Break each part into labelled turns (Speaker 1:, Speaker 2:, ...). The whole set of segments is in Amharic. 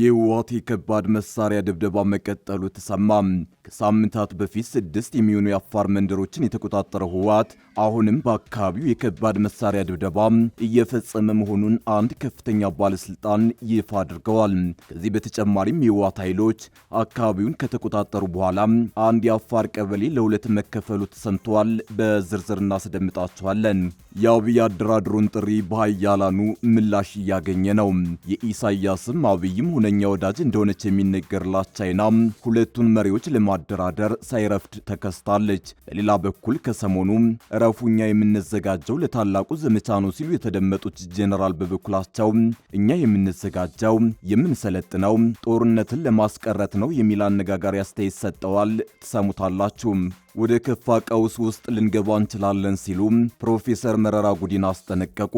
Speaker 1: የህወሓት የከባድ መሳሪያ ድብደባ መቀጠሉ ተሰማም ከሳምንታት በፊት ስድስት የሚሆኑ የአፋር መንደሮችን የተቆጣጠረው ህወሓት አሁንም በአካባቢው የከባድ መሳሪያ ድብደባ እየፈጸመ መሆኑን አንድ ከፍተኛ ባለስልጣን ይፋ አድርገዋል። ከዚህ በተጨማሪም የህወሓት ኃይሎች አካባቢውን ከተቆጣጠሩ በኋላ አንድ የአፋር ቀበሌ ለሁለት መከፈሉ ተሰምተዋል። በዝርዝር እናስደምጣችኋለን። የአብይ አደራድሮን ጥሪ በሀያላኑ ምላሽ እያገኘ ነው። የኢሳያስም አብይም ሁነኛ ወዳጅ እንደሆነች የሚነገርላት ቻይና ሁለቱን መሪዎች ለማ ለማደራደር ሳይረፍድ ተከስታለች። በሌላ በኩል ከሰሞኑም እረፉ እኛ የምንዘጋጀው ለታላቁ ዘመቻ ነው ሲሉ የተደመጡት ጄኔራል በበኩላቸው እኛ የምንዘጋጀው የምንሰለጥነው ጦርነትን ለማስቀረት ነው የሚል አነጋጋሪ አስተያየት ሰጠዋል። ትሰሙታላችሁ። ወደ ከፋ ቀውስ ውስጥ ልንገባ እንችላለን ሲሉ ፕሮፌሰር መረራ ጉዲና አስጠነቀቁ።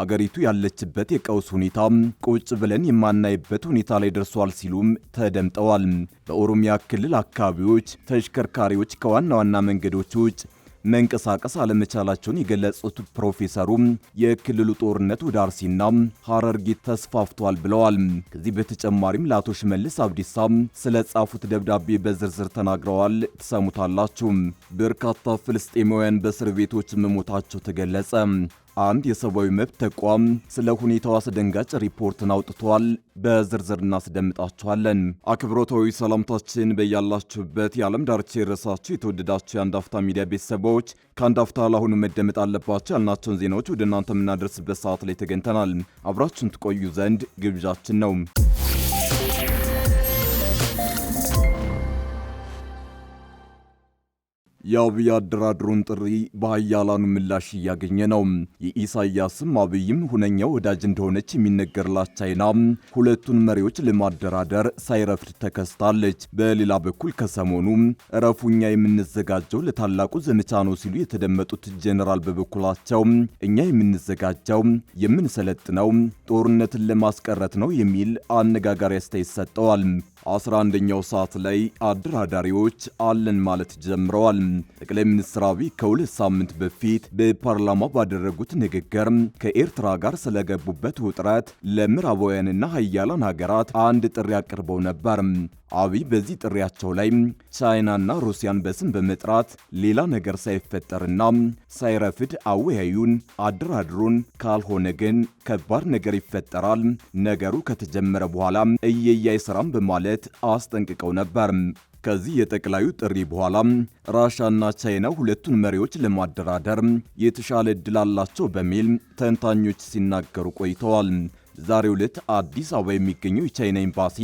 Speaker 1: አገሪቱ ያለችበት የቀውስ ሁኔታ ቁጭ ብለን የማናይበት ሁኔታ ላይ ደርሷል ሲሉም ተደምጠዋል። በኦሮሚያ ክልል አካባቢ አካባቢዎች ተሽከርካሪዎች ከዋና ዋና መንገዶች ውጭ መንቀሳቀስ አለመቻላቸውን የገለጹት ፕሮፌሰሩ የክልሉ ጦርነት ወደ አርሲና ሐረርጌ ተስፋፍቷል ብለዋል። ከዚህ በተጨማሪም ለአቶ ሽመልስ አብዲሳ ስለ ጻፉት ደብዳቤ በዝርዝር ተናግረዋል። ትሰሙታላችሁ። በርካታ ፍልስጤማውያን በእስር ቤቶች መሞታቸው ተገለጸ። አንድ የሰብአዊ መብት ተቋም ስለ ሁኔታው አስደንጋጭ ሪፖርትን አውጥቷል። በዝርዝር እናስደምጣችኋለን። አክብሮታዊ ሰላምታችን በያላችሁበት የዓለም ዳርቻ የረሳችሁ የተወደዳችሁ የአንዳፍታ ሚዲያ ቤተሰቦች ከአንዳፍታ አፍታ ለአሁኑ መደመጥ አለባቸው ያልናቸውን ዜናዎች ወደ እናንተ የምናደርስበት ሰዓት ላይ ተገኝተናል። አብራችሁን ትቆዩ ዘንድ ግብዣችን ነው። የአብይ አደራድሮን ጥሪ በሀያላኑ ምላሽ እያገኘ ነው። የኢሳያስም አብይም ሁነኛው ወዳጅ እንደሆነች የሚነገርላት ቻይና ሁለቱን መሪዎች ለማደራደር ሳይረፍድ ተከስታለች። በሌላ በኩል ከሰሞኑ እረፉኛ የምንዘጋጀው ለታላቁ ዘመቻ ነው ሲሉ የተደመጡት ጄኔራል በበኩላቸው እኛ የምንዘጋጀው የምንሰለጥነው ጦርነትን ለማስቀረት ነው የሚል አነጋጋሪ አስተያየት ሰጠዋል። አስራ አንደኛው ሰዓት ላይ አደራዳሪዎች አለን ማለት ጀምረዋል። ጠቅላይ ሚኒስትር አብይ ከሁለት ሳምንት በፊት በፓርላማ ባደረጉት ንግግር ከኤርትራ ጋር ስለገቡበት ውጥረት ለምዕራባውያንና ሀያላን ሀገራት አንድ ጥሪ አቅርበው ነበር። አብይ በዚህ ጥሪያቸው ላይ ቻይናና ሩሲያን በስም በመጥራት ሌላ ነገር ሳይፈጠርና ሳይረፍድ አወያዩን፣ አደራድሩን፣ ካልሆነ ግን ከባድ ነገር ይፈጠራል፣ ነገሩ ከተጀመረ በኋላ እየያይ ስራም በማለት በማለት አስጠንቅቀው ነበር። ከዚህ የጠቅላዩ ጥሪ በኋላ ራሻና ቻይና ሁለቱን መሪዎች ለማደራደር የተሻለ እድል አላቸው በሚል ተንታኞች ሲናገሩ ቆይተዋል። ዛሬ ዕለት አዲስ አበባ የሚገኘው የቻይና ኤምባሲ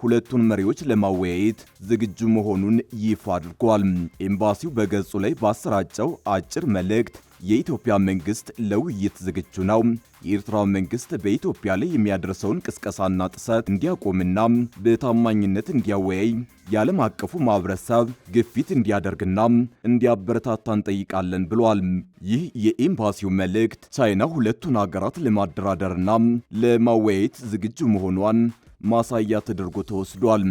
Speaker 1: ሁለቱን መሪዎች ለማወያየት ዝግጁ መሆኑን ይፋ አድርጓል። ኤምባሲው በገጹ ላይ ባሰራጨው አጭር መልእክት የኢትዮጵያ መንግስት ለውይይት ዝግጁ ነው። የኤርትራ መንግስት በኢትዮጵያ ላይ የሚያደርሰውን ቅስቀሳና ጥሰት እንዲያቆምና በታማኝነት እንዲያወያይ የዓለም አቀፉ ማህበረሰብ ግፊት እንዲያደርግና እንዲያበረታታ እንጠይቃለን ብሏል። ይህ የኤምባሲው መልእክት ቻይና ሁለቱን ሀገራት ለማደራደርና ለማወያየት ዝግጁ መሆኗን ማሳያ ተደርጎ ተወስዷል።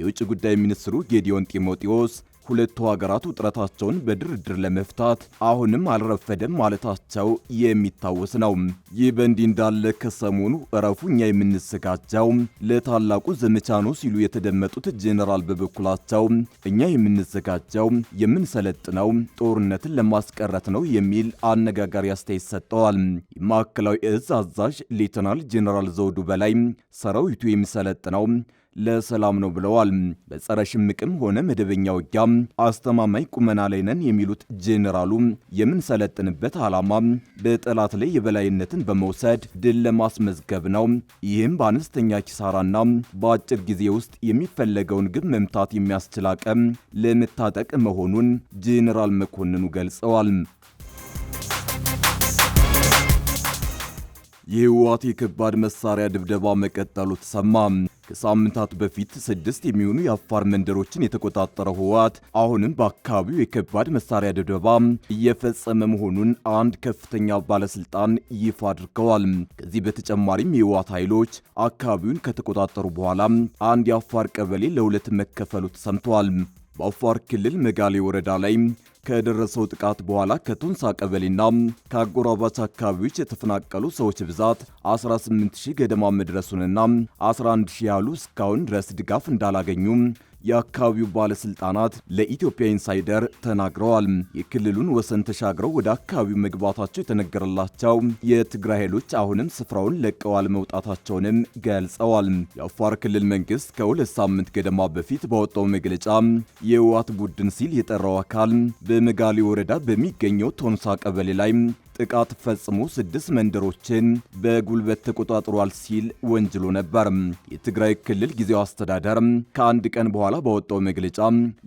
Speaker 1: የውጭ ጉዳይ ሚኒስትሩ ጌዲዮን ጢሞቴዎስ ሁለቱ ሀገራት ውጥረታቸውን በድርድር ለመፍታት አሁንም አልረፈደም ማለታቸው የሚታወስ ነው። ይህ በእንዲህ እንዳለ ከሰሞኑ እረፉ እኛ የምንዘጋጀው ለታላቁ ዘመቻ ነው ሲሉ የተደመጡት ጄኔራል በበኩላቸው እኛ የምንዘጋጀው የምንሰለጥነው ጦርነትን ለማስቀረት ነው የሚል አነጋጋሪ አስተያየት ሰጥተዋል። የማዕከላዊ እዝ አዛዥ ሌተናል ጄኔራል ዘውዱ በላይ ሰራዊቱ የሚሰለጥነው ለሰላም ነው ብለዋል። በጸረ ሽምቅም ሆነ መደበኛ ውጊያ አስተማማኝ ቁመና ላይ ነን የሚሉት ጄኔራሉ የምንሰለጥንበት ዓላማ በጠላት ላይ የበላይነትን በመውሰድ ድል ለማስመዝገብ ነው። ይህም በአነስተኛ ኪሳራና በአጭር ጊዜ ውስጥ የሚፈለገውን ግብ መምታት የሚያስችል አቅም ለመታጠቅ መሆኑን ጄኔራል መኮንኑ ገልጸዋል። የህወሓት የከባድ መሳሪያ ድብደባ መቀጠሉ ተሰማ። ከሳምንታት በፊት ስድስት የሚሆኑ የአፋር መንደሮችን የተቆጣጠረው ህወሓት አሁንም በአካባቢው የከባድ መሳሪያ ድብደባ እየፈጸመ መሆኑን አንድ ከፍተኛ ባለስልጣን ይፋ አድርገዋል። ከዚህ በተጨማሪም የህወሓት ኃይሎች አካባቢውን ከተቆጣጠሩ በኋላ አንድ የአፋር ቀበሌ ለሁለት መከፈሉ ተሰምተዋል። በአፋር ክልል መጋሌ ወረዳ ላይ ከደረሰው ጥቃት በኋላ ከቶንሳ ቀበሌና ከአጎራባች አካባቢዎች የተፈናቀሉ ሰዎች ብዛት 18000 ገደማ መድረሱንና 11000 ያሉ እስካሁን ድረስ ድጋፍ እንዳላገኙ የአካባቢው ባለስልጣናት ለኢትዮጵያ ኢንሳይደር ተናግረዋል። የክልሉን ወሰን ተሻግረው ወደ አካባቢው መግባታቸው የተነገረላቸው የትግራይ ኃይሎች አሁንም ስፍራውን ለቀዋል መውጣታቸውንም ገልጸዋል። የአፋር ክልል መንግስት ከሁለት ሳምንት ገደማ በፊት ባወጣው መግለጫ የህወሓት ቡድን ሲል የጠራው አካል በመጋሌ ወረዳ በሚገኘው ቶንሳ ቀበሌ ላይ ጥቃት ፈጽሞ ስድስት መንደሮችን በጉልበት ተቆጣጥሯል ሲል ወንጅሎ ነበር። የትግራይ ክልል ጊዜው አስተዳደር ከአንድ ቀን በኋላ በወጣው መግለጫ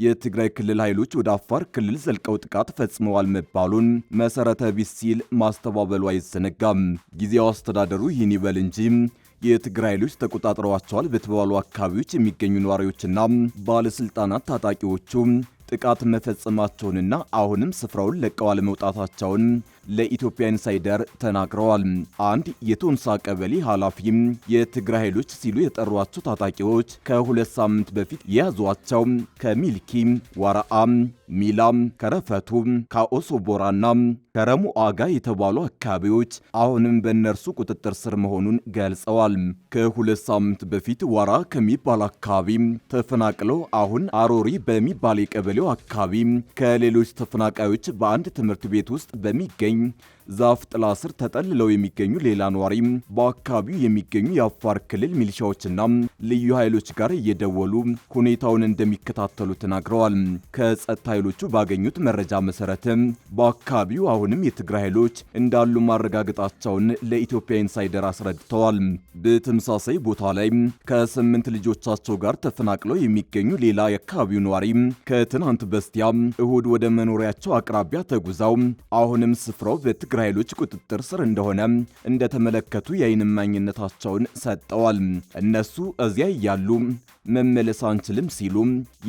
Speaker 1: የትግራይ ክልል ኃይሎች ወደ አፋር ክልል ዘልቀው ጥቃት ፈጽመዋል መባሉን መሰረተ ቢስ ሲል ማስተባበሉ አይዘነጋም። ጊዜው አስተዳደሩ ይህን ይበል እንጂ የትግራይ ኃይሎች ተቆጣጥረዋቸዋል በተባሉ አካባቢዎች የሚገኙ ነዋሪዎችና ባለስልጣናት ታጣቂዎቹ ጥቃት መፈጸማቸውንና አሁንም ስፍራውን ለቀው አለመውጣታቸውን ለኢትዮጵያ ኢንሳይደር ተናግረዋል። አንድ የቶንሳ ቀበሌ ኃላፊም የትግራይ ኃይሎች ሲሉ የጠሯቸው ታጣቂዎች ከሁለት ሳምንት በፊት የያዟቸው ከሚልኪ፣ ዋራአም፣ ሚላም፣ ከረፈቱ፣ ከኦሶቦራና አጋ የተባሉ አካባቢዎች አሁንም በእነርሱ ቁጥጥር ስር መሆኑን ገልጸዋል። ከሁለት ሳምንት በፊት ዋራ ከሚባል አካባቢ ተፈናቅለው አሁን አሮሪ በሚባል የቀበሌው አካባቢ ከሌሎች ተፈናቃዮች በአንድ ትምህርት ቤት ውስጥ በሚገኝ name hm. ዛፍ ጥላ ስር ተጠልለው የሚገኙ ሌላ ነዋሪ በአካባቢው የሚገኙ የአፋር ክልል ሚሊሻዎችና ልዩ ኃይሎች ጋር እየደወሉ ሁኔታውን እንደሚከታተሉ ተናግረዋል። ከጸጥታ ኃይሎቹ ባገኙት መረጃ መሰረት በአካባቢው አሁንም የትግራይ ኃይሎች እንዳሉ ማረጋገጣቸውን ለኢትዮጵያ ኢንሳይደር አስረድተዋል። በተመሳሳይ ቦታ ላይ ከስምንት ልጆቻቸው ጋር ተፈናቅለው የሚገኙ ሌላ የአካባቢው ነዋሪ ከትናንት በስቲያ እሁድ ወደ መኖሪያቸው አቅራቢያ ተጉዛው አሁንም ስፍራው በትግራይ በሽብር ኃይሎች ቁጥጥር ስር እንደሆነ እንደተመለከቱ የዓይን እማኝነታቸውን ሰጠዋል። እነሱ እዚያ እያሉ መመለስ አንችልም ሲሉ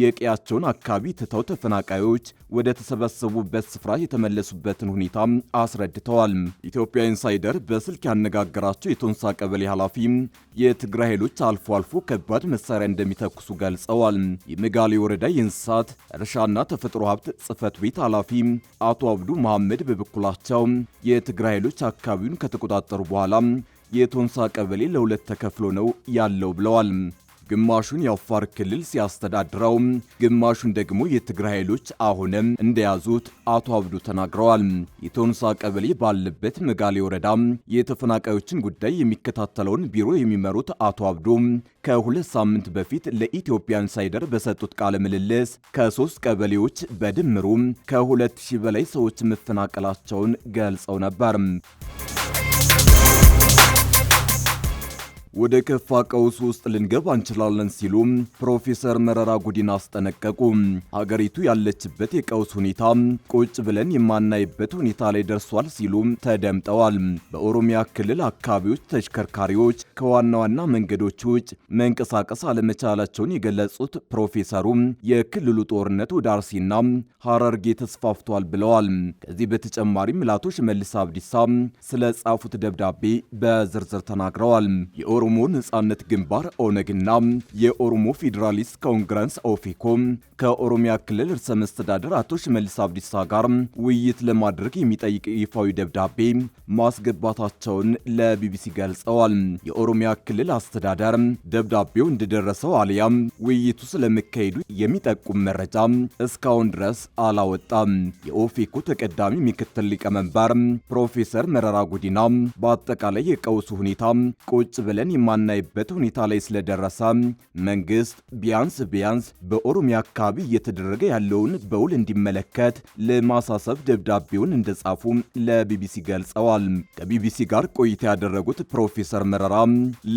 Speaker 1: የቀያቸውን አካባቢ ትተው ተፈናቃዮች ወደ ተሰበሰቡበት ስፍራ የተመለሱበትን ሁኔታ አስረድተዋል። ኢትዮጵያ ኢንሳይደር በስልክ ያነጋገራቸው የቶንሳ ቀበሌ ኃላፊ የትግራይ ኃይሎች አልፎ አልፎ ከባድ መሳሪያ እንደሚተኩሱ ገልጸዋል። የመጋሌ ወረዳ የእንስሳት እርሻና ተፈጥሮ ሀብት ጽህፈት ቤት ኃላፊ አቶ አብዱ መሐመድ በበኩላቸው የትግራይ ኃይሎች አካባቢውን ከተቆጣጠሩ በኋላ የቶንሳ ቀበሌ ለሁለት ተከፍሎ ነው ያለው ብለዋል። ግማሹን የአፋር ክልል ሲያስተዳድረው፣ ግማሹን ደግሞ የትግራይ ኃይሎች አሁንም እንደያዙት አቶ አብዱ ተናግረዋል። የቶንሳ ቀበሌ ባለበት መጋሌ ወረዳ የተፈናቃዮችን ጉዳይ የሚከታተለውን ቢሮ የሚመሩት አቶ አብዱ ከሁለት ሳምንት በፊት ለኢትዮጵያ ኢንሳይደር በሰጡት ቃለ ምልልስ ከሶስት ቀበሌዎች በድምሩ ከሁለት ሺህ በላይ ሰዎች መፈናቀላቸውን ገልጸው ነበር። ወደ ከፋ ቀውስ ውስጥ ልንገባ እንችላለን ሲሉ ፕሮፌሰር መረራ ጉዲና አስጠነቀቁ። ሀገሪቱ ያለችበት የቀውስ ሁኔታ ቁጭ ብለን የማናይበት ሁኔታ ላይ ደርሷል ሲሉ ተደምጠዋል። በኦሮሚያ ክልል አካባቢዎች ተሽከርካሪዎች ከዋና ዋና መንገዶች ውጭ መንቀሳቀስ አለመቻላቸውን የገለጹት ፕሮፌሰሩ የክልሉ ጦርነት ወደ አርሲና ሀረርጌ ተስፋፍቷል ብለዋል። ከዚህ በተጨማሪም ላቶ ሽመልስ አብዲሳ ስለ ጻፉት ደብዳቤ በዝርዝር ተናግረዋል። የኦሮሞ ነጻነት ግንባር ኦነግና የኦሮሞ ፌዴራሊስት ኮንግረስ ኦፌኮ ከኦሮሚያ ክልል ርዕሰ መስተዳደር አቶ ሽመልስ አብዲሳ ጋር ውይይት ለማድረግ የሚጠይቅ ይፋዊ ደብዳቤ ማስገባታቸውን ለቢቢሲ ገልጸዋል። የኦሮሚያ ክልል አስተዳደር ደብዳቤው እንደደረሰው አልያም ውይይቱ ስለመካሄዱ የሚጠቁም መረጃ እስካሁን ድረስ አላወጣም። የኦፌኮ ተቀዳሚ ምክትል ሊቀመንበር ፕሮፌሰር መረራ ጉዲና በአጠቃላይ የቀውሱ ሁኔታ ቁጭ ብለን ሰላምን የማናይበት ሁኔታ ላይ ስለደረሰ መንግስት ቢያንስ ቢያንስ በኦሮሚያ አካባቢ እየተደረገ ያለውን በውል እንዲመለከት ለማሳሰብ ደብዳቤውን እንደጻፉ ለቢቢሲ ገልጸዋል። ከቢቢሲ ጋር ቆይታ ያደረጉት ፕሮፌሰር መረራ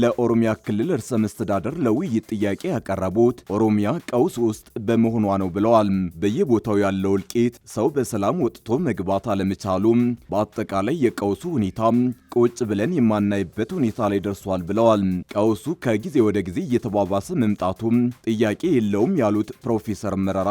Speaker 1: ለኦሮሚያ ክልል እርሰ መስተዳደር ለውይይት ጥያቄ ያቀረቡት ኦሮሚያ ቀውስ ውስጥ በመሆኗ ነው ብለዋል። በየቦታው ያለው እልቂት፣ ሰው በሰላም ወጥቶ መግባት አለመቻሉ፣ በአጠቃላይ የቀውሱ ሁኔታ ቁጭ ብለን የማናይበት ሁኔታ ላይ ደርሷል ብለዋል። ብለዋል። ቀውሱ ከጊዜ ወደ ጊዜ እየተባባሰ መምጣቱ ጥያቄ የለውም ያሉት ፕሮፌሰር መረራ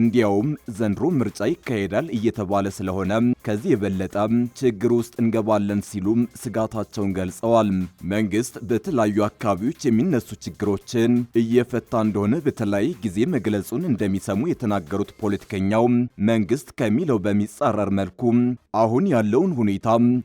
Speaker 1: እንዲያውም ዘንድሮ ምርጫ ይካሄዳል እየተባለ ስለሆነ ከዚህ የበለጠ ችግር ውስጥ እንገባለን ሲሉም ስጋታቸውን ገልጸዋል። መንግስት በተለያዩ አካባቢዎች የሚነሱ ችግሮችን እየፈታ እንደሆነ በተለያየ ጊዜ መግለጹን እንደሚሰሙ የተናገሩት ፖለቲከኛው መንግስት ከሚለው በሚጻረር መልኩ አሁን ያለውን ሁኔታ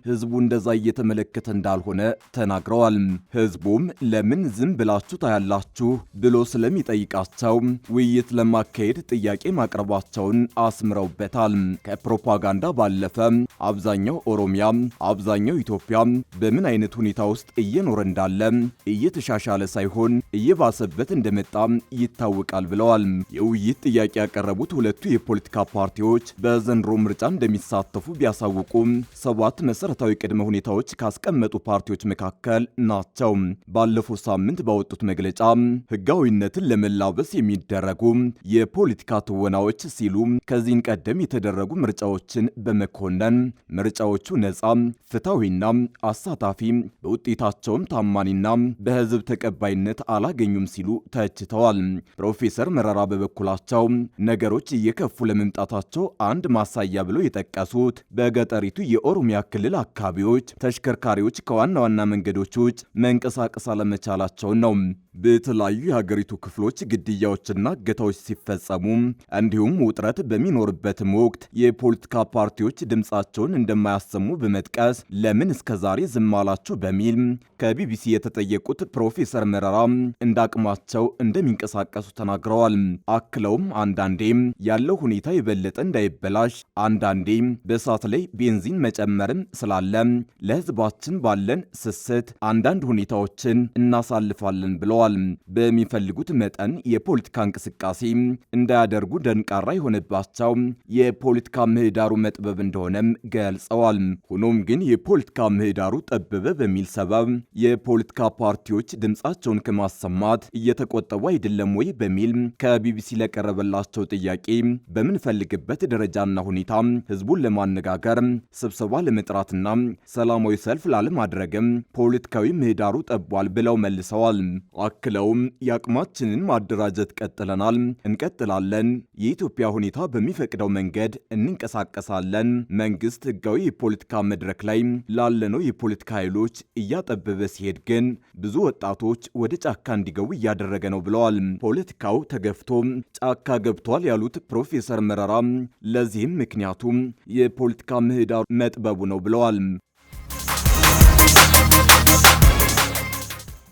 Speaker 1: ህዝቡ እንደዛ እየተመለከተ እንዳልሆነ ተናግረዋል። ህዝቡም ለምን ዝም ብላችሁ ታያላችሁ ብሎ ስለሚጠይቃቸው ውይይት ለማካሄድ ጥያቄ ማቅረባቸውን አስምረውበታል። ከፕሮፓጋንዳ ባለፈ አብዛኛው ኦሮሚያ፣ አብዛኛው ኢትዮጵያ በምን አይነት ሁኔታ ውስጥ እየኖረ እንዳለ እየተሻሻለ ሳይሆን እየባሰበት እንደመጣ ይታወቃል ብለዋል። የውይይት ጥያቄ ያቀረቡት ሁለቱ የፖለቲካ ፓርቲዎች በዘንድሮ ምርጫ እንደሚሳተፉ ቢያሳውቁም ሰባት መሰረታዊ ቅድመ ሁኔታዎች ካስቀመጡ ፓርቲዎች መካከል ናቸው። ናቸው። ባለፈው ሳምንት ባወጡት መግለጫ ህጋዊነትን ለመላበስ የሚደረጉ የፖለቲካ ትወናዎች ሲሉ ከዚህን ቀደም የተደረጉ ምርጫዎችን በመኮነን ምርጫዎቹ ነጻ፣ ፍትሐዊና አሳታፊ በውጤታቸውም ታማኒና በህዝብ ተቀባይነት አላገኙም ሲሉ ተችተዋል። ፕሮፌሰር መረራ በበኩላቸው ነገሮች እየከፉ ለመምጣታቸው አንድ ማሳያ ብለው የጠቀሱት በገጠሪቱ የኦሮሚያ ክልል አካባቢዎች ተሽከርካሪዎች ከዋና ዋና መንገዶች ውጭ መንቀሳቀስ አለመቻላቸውን ነው። በተለያዩ የሀገሪቱ ክፍሎች ግድያዎችና እገታዎች ሲፈጸሙ እንዲሁም ውጥረት በሚኖርበትም ወቅት የፖለቲካ ፓርቲዎች ድምፃቸውን እንደማያሰሙ በመጥቀስ ለምን እስከዛሬ ዝም አላችሁ በሚል ከቢቢሲ የተጠየቁት ፕሮፌሰር መረራ እንደ አቅማቸው እንደሚንቀሳቀሱ ተናግረዋል። አክለውም አንዳንዴ ያለው ሁኔታ የበለጠ እንዳይበላሽ አንዳንዴ በእሳት ላይ ቤንዚን መጨመርም ስላለ ለህዝባችን ባለን ስስት አንዳንድ ሁኔታዎችን እናሳልፋለን ብለዋል። ብለዋል። በሚፈልጉት መጠን የፖለቲካ እንቅስቃሴ እንዳያደርጉ ደንቃራ የሆነባቸው የፖለቲካ ምህዳሩ መጥበብ እንደሆነም ገልጸዋል። ሆኖም ግን የፖለቲካ ምህዳሩ ጠበበ በሚል ሰበብ የፖለቲካ ፓርቲዎች ድምፃቸውን ከማሰማት እየተቆጠቡ አይደለም ወይ በሚል ከቢቢሲ ለቀረበላቸው ጥያቄ በምንፈልግበት ደረጃና ሁኔታ ህዝቡን ለማነጋገር ስብሰባ ለመጥራትና ሰላማዊ ሰልፍ ላለማድረግም ፖለቲካዊ ምህዳሩ ጠቧል ብለው መልሰዋል። አክለውም የአቅማችንን ማደራጀት ቀጥለናል፣ እንቀጥላለን። የኢትዮጵያ ሁኔታ በሚፈቅደው መንገድ እንንቀሳቀሳለን። መንግስት ህጋዊ የፖለቲካ መድረክ ላይ ላለነው የፖለቲካ ኃይሎች እያጠበበ ሲሄድ ግን ብዙ ወጣቶች ወደ ጫካ እንዲገቡ እያደረገ ነው ብለዋል። ፖለቲካው ተገፍቶ ጫካ ገብቷል ያሉት ፕሮፌሰር መረራ ለዚህም ምክንያቱም የፖለቲካ ምህዳሩ መጥበቡ ነው ብለዋል።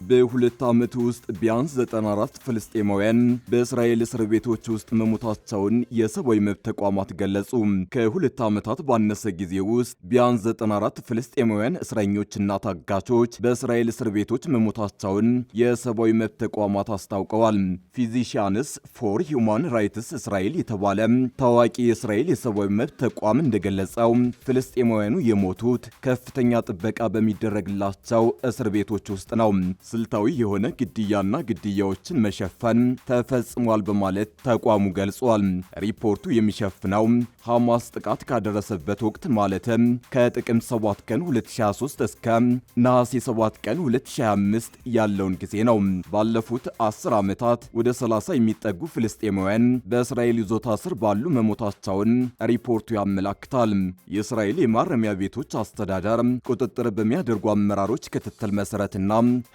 Speaker 1: በሁለት ዓመት ውስጥ ቢያንስ 94 ፍልስጤማውያን በእስራኤል እስር ቤቶች ውስጥ መሞታቸውን የሰብአዊ መብት ተቋማት ገለጹ። ከሁለት ዓመታት ባነሰ ጊዜ ውስጥ ቢያንስ 94 ፍልስጤማውያን እስረኞችና ታጋቾች በእስራኤል እስር ቤቶች መሞታቸውን የሰብአዊ መብት ተቋማት አስታውቀዋል። ፊዚሺያንስ ፎር ሂውማን ራይትስ እስራኤል የተባለ ታዋቂ የእስራኤል የሰብአዊ መብት ተቋም እንደገለጸው ፍልስጤማውያኑ የሞቱት ከፍተኛ ጥበቃ በሚደረግላቸው እስር ቤቶች ውስጥ ነው። ስልታዊ የሆነ ግድያና ግድያዎችን መሸፈን ተፈጽሟል በማለት ተቋሙ ገልጿል። ሪፖርቱ የሚሸፍነው ሐማስ ጥቃት ካደረሰበት ወቅት ማለትም ከጥቅምት 7 ቀን 2023 እስከ ነሐሴ 7 ቀን 2025 ያለውን ጊዜ ነው። ባለፉት 10 ዓመታት ወደ 30 የሚጠጉ ፍልስጤማውያን በእስራኤል ይዞታ ስር ባሉ መሞታቸውን ሪፖርቱ ያመላክታል። የእስራኤል የማረሚያ ቤቶች አስተዳደር ቁጥጥር በሚያደርጉ አመራሮች ክትትል መሠረትና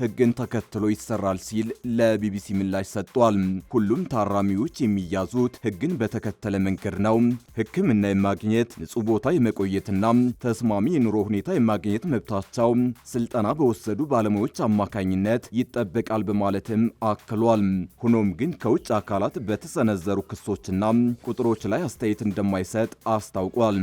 Speaker 1: ሕግን ተከትሎ ይሰራል ሲል ለቢቢሲ ምላሽ ሰጥቷል። ሁሉም ታራሚዎች የሚያዙት ህግን በተከተለ መንገድ ነው። ህክምና የማግኘት ንጹህ ቦታ የመቆየትና ተስማሚ የኑሮ ሁኔታ የማግኘት መብታቸው ስልጠና በወሰዱ ባለሙያዎች አማካኝነት ይጠበቃል በማለትም አክሏል። ሆኖም ግን ከውጭ አካላት በተሰነዘሩ ክሶችና ቁጥሮች ላይ አስተያየት እንደማይሰጥ አስታውቋል።